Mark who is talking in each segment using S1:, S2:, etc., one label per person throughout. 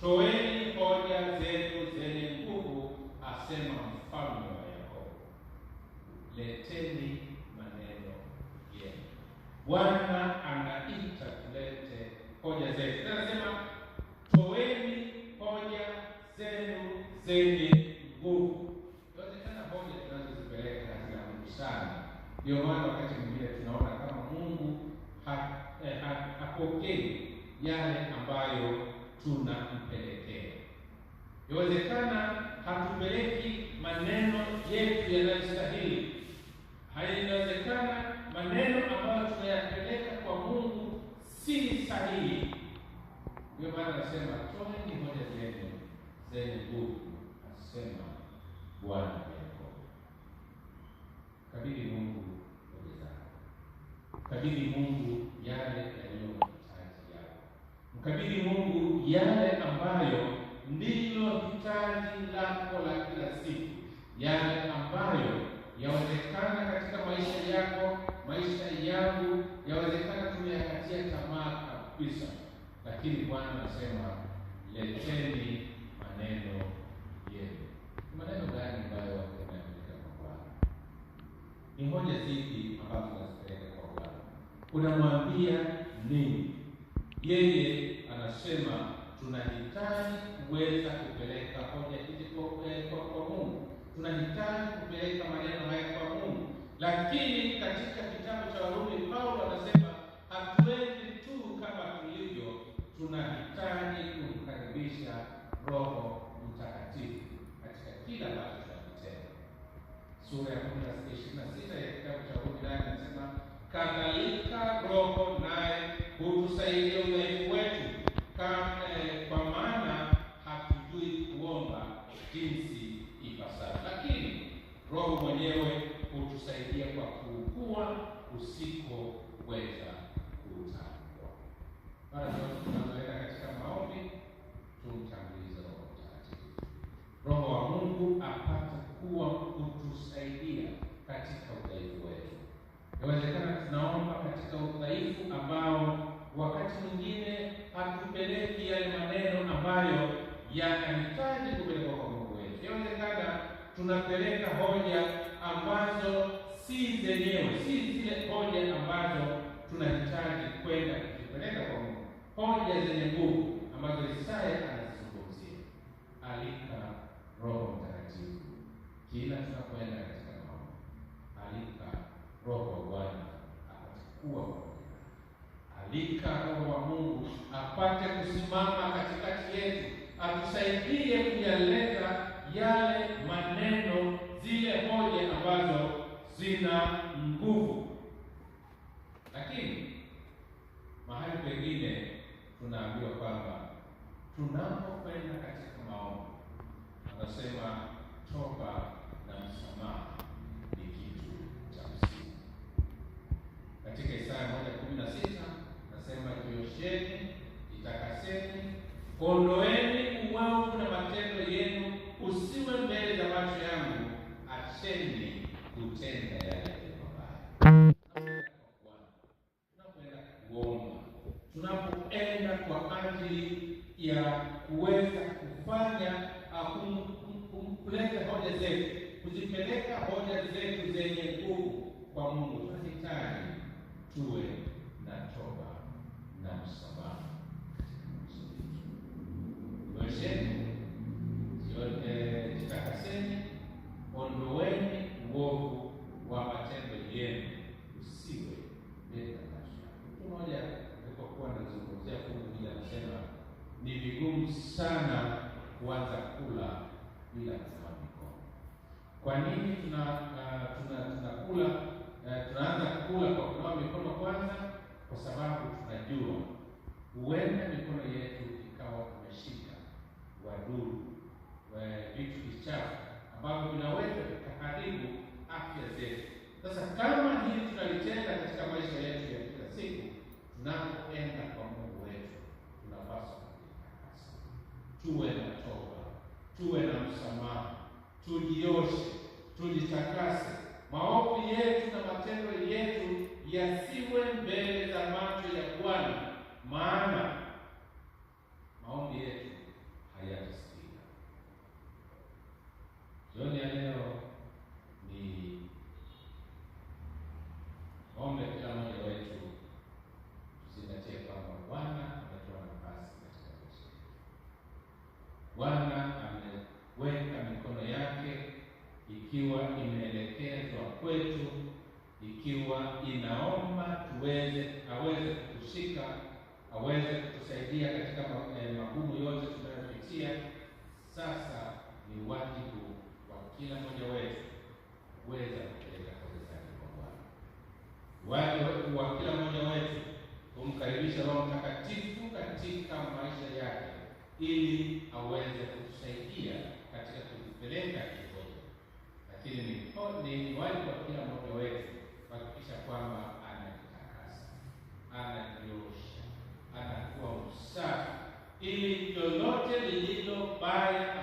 S1: toeni hoja zetu zenye nguvu, asema mfalme wa Yakobo, leteni maneno yenu. Bwana Mkabidhi Mungu yale yaliyo mahitaji yako. Mkabidhi Mungu yale ambayo ndilo hitaji lako la kila siku, yale ambayo yawezekana katika maisha yako, maisha yangu, yawezekana tumeyakatia tamaa kabisa, lakini Bwana anasema leteni maneno yenu. Maneno gani ambayo yanapeleka kwa Bwana? Ni hoja zipi ambazo unamwambia nini? Yeye anasema tunahitaji kuweza kupeleka hoja hizi eh, kwa Mungu, tunahitaji kupeleka maneno haya kwa Mungu. Lakini katika kitabu cha Warumi Paulo anasema hatuendi tu kama tulivyo, tunahitaji kumkaribisha Roho Mtakatifu katika kila ambacho tunakitenda. Sura ya 16 ya kitabu cha Warumi anasema kadhalika Roho naye hutusaidia udhaifu wetu, kwa maana hatujui kuomba jinsi ipasavyo, lakini Roho mwenyewe hutusaidia kwa kuugua usikoweza kutambua. Mara zote tunazoenda katika maombi, tumtangulize Roho Mtakatifu, Roho wa Mungu apata kuwa kutusaidia katika udhaifu wetu. Inawezekana tunaomba katika udhaifu ambao wakati mwingine hatupeleki yale maneno ambayo yanahitaji kupelekwa kwa Mungu wetu. Inawezekana tunapeleka hoja ambazo si zenyewe, si zile hoja ambazo tunahitaji kwenda kuzipeleka kwa Mungu, hoja zenye nguvu ambazo Isaya akasema jinyosheni, itakaseni, kondoeni uovu na matendo yenu, usiwe mbele za macho yangu, acheni kutenda yale mabaya. Tunapoenda kuomba, tunapoenda kwa ajili ya kuweza kufanya ah, kuleta hoja zetu, kuzipeleka hoja zetu zenye nguvu kwa Mungu, tunahitaji tuwe tuwe na msamaha, tujioshe, tujitakase, maovu yetu na matendo yetu yasiwe mbele za macho ya Bwana maana ikiwa imeelekezwa kwetu, ikiwa inaomba tuweze aweze kutushika, aweze kutusaidia katika eh, magumu yote tunayopitia. Sasa ni wajibu wa kila mmoja wetu kuweza kupeleka kazi zake kwa Bwana. Wajibu wa kila mmoja wetu kumkaribisha Roho Mtakatifu katika maisha yake ili aweze kutusaidia katika kujipeleka kililio. Kwa ni wajibu kwa kila mmoja wetu kuhakikisha kwamba anajitakasa, anajiosha, anakuwa msafi ili lolote lililo baya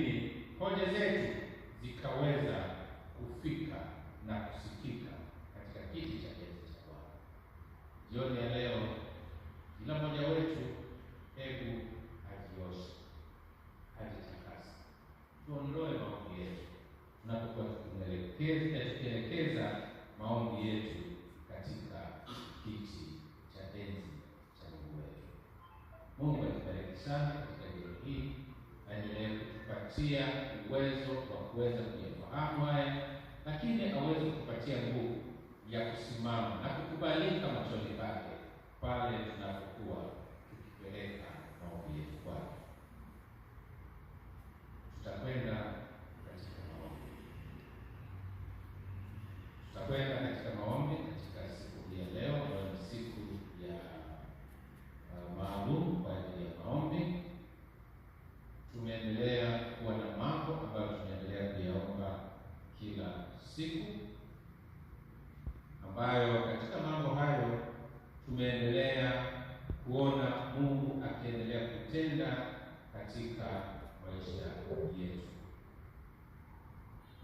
S1: ili hoja zetu zikaweza kufika na kusikika katika kiti cha enzi cha Bwana. Jioni ya leo kila mmoja wetu kumpatia uwezo wa kuweza kuyafahamu haya, lakini aweze kupatia nguvu ya kusimama na kukubalika machoni pake pale tuna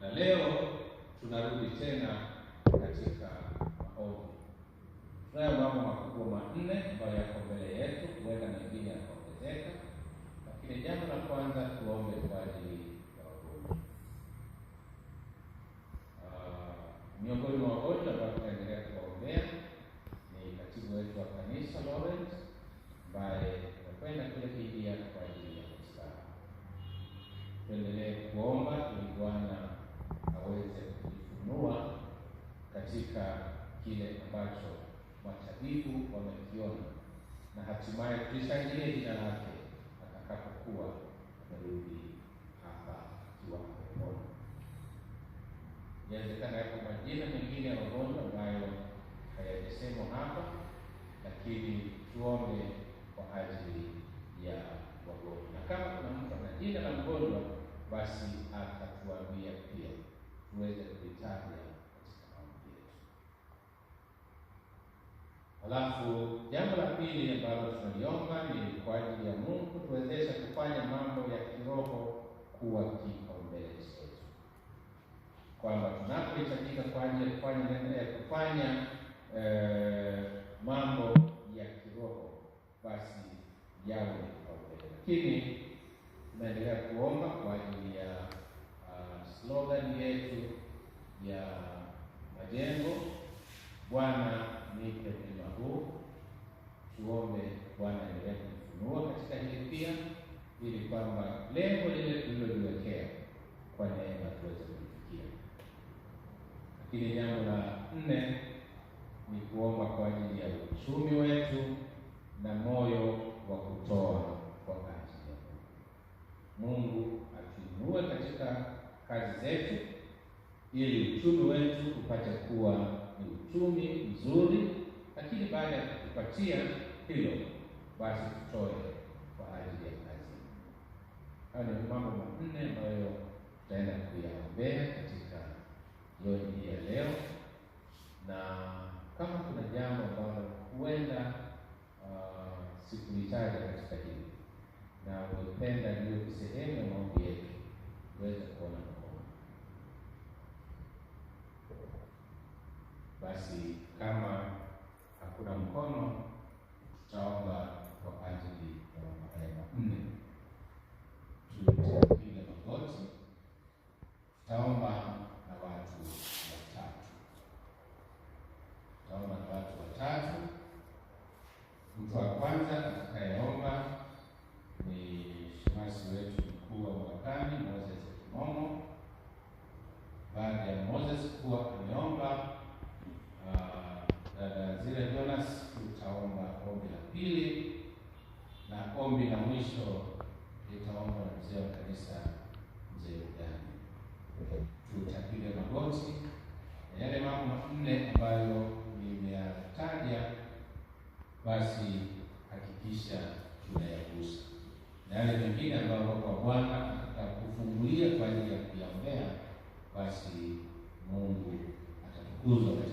S1: na leo tunarudi tena katika maombi. Tunayo mambo makubwa manne ambayo yako mbele yetu, huenda mengine yakaongezeka, lakini jambo la kwanza tuombe kwa ajili ya wagonjwa. Ah, miongoni mwa wagonjwa ambao tunaendelea kuwaombea ni katibu wetu wa kanisa Laurent ambaye amekwenda kule India kwa ajili ya mstaa. Tuendelee kuomba tuligwana katika kile ambacho matabibu wamekiona, na hatimaye tulishangilie jina lake atakapokuwa amerudi hapa akiwa amepona. Inawezekana yako majina mengine ya magonjwa ambayo hayajasemwa hapa, lakini tuombe kwa ajili ya wagonjwa, na kama kuna mtu ana jina la mgonjwa, basi atatuambia pia tuweze kulitaja alafu jambo la pili ambalo tunaliomba ni kwa ajili ya Mungu tuwezesha kufanya mambo ya kiroho kuwa kipaumbele chetu, kwamba tunapohitajika kwa ajili ya kufanya ya kufanya eh, mambo ya kiroho basi yawe kipaumbele. Lakini tunaendelea kuomba kwa ajili ya uh, slogan yetu ya majengo Bwana nipe huu, tuombe Bwana endelee kufunua katika hili pia, ili kwamba lengo lile tulilojiwekea kwa neema tuweze kulifikia. Lakini jambo la nne ni kuomba kwa ajili ya uchumi wetu na moyo wa kutoa kwa kazi ya Mungu atuinue katika kazi zetu, ili uchumi wetu upate kuwa ni uchumi mzuri lakini baada ya kutupatia hilo, basi tutoe kwa ajili ya kazi. Hayo ni mambo manne ambayo tutaenda kuyaombea katika jioni hii ya leo, na kama kuna jambo ambalo huenda uh, sikulitaja katika hili na ungependa liwe sehemu ya maombi yetu, uweze kuona mkono basi kuna mkono naomba Uzun.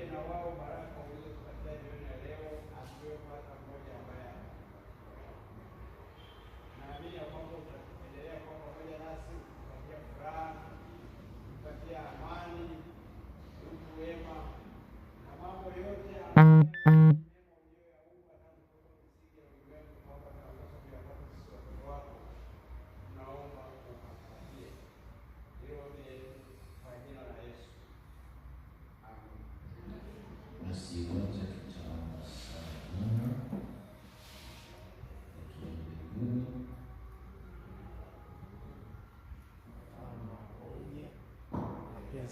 S1: yeye na wao baraka ulizotupatia jioni ya leo, asiwepo hata mmoja ambaye naamini ya kwamba utaendelea kuwa pamoja nasi, kupatia furaha, kupatia amani, utu wema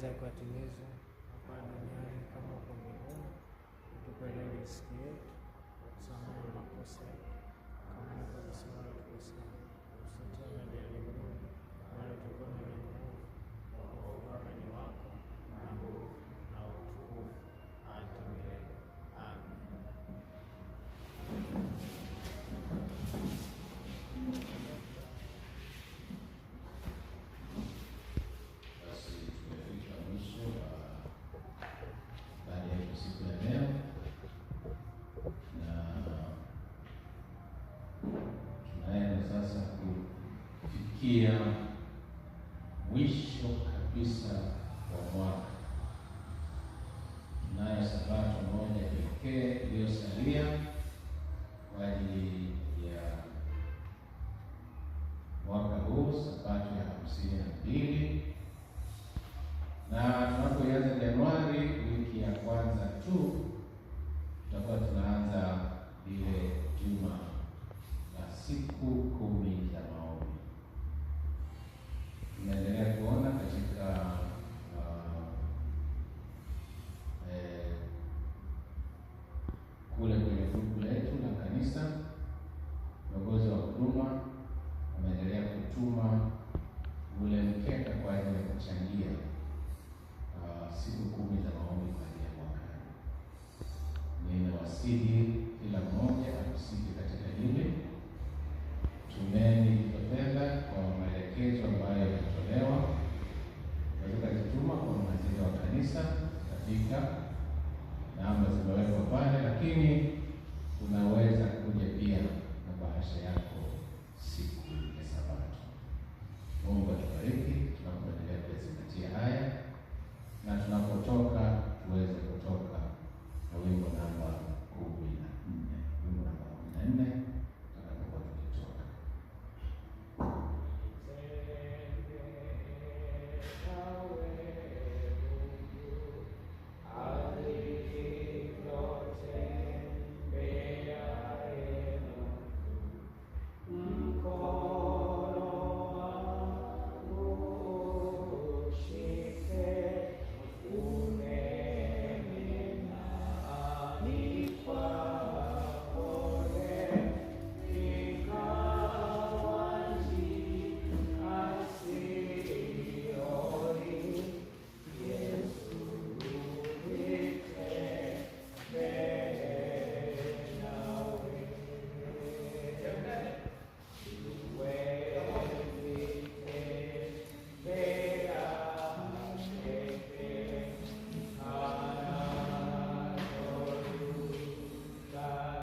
S1: uweza kuwatimiza hapa duniani kama uko mbinguni. Utupe leo riziki yetu, samehe makosa yetu kama unavyosema utukosea Yeah. e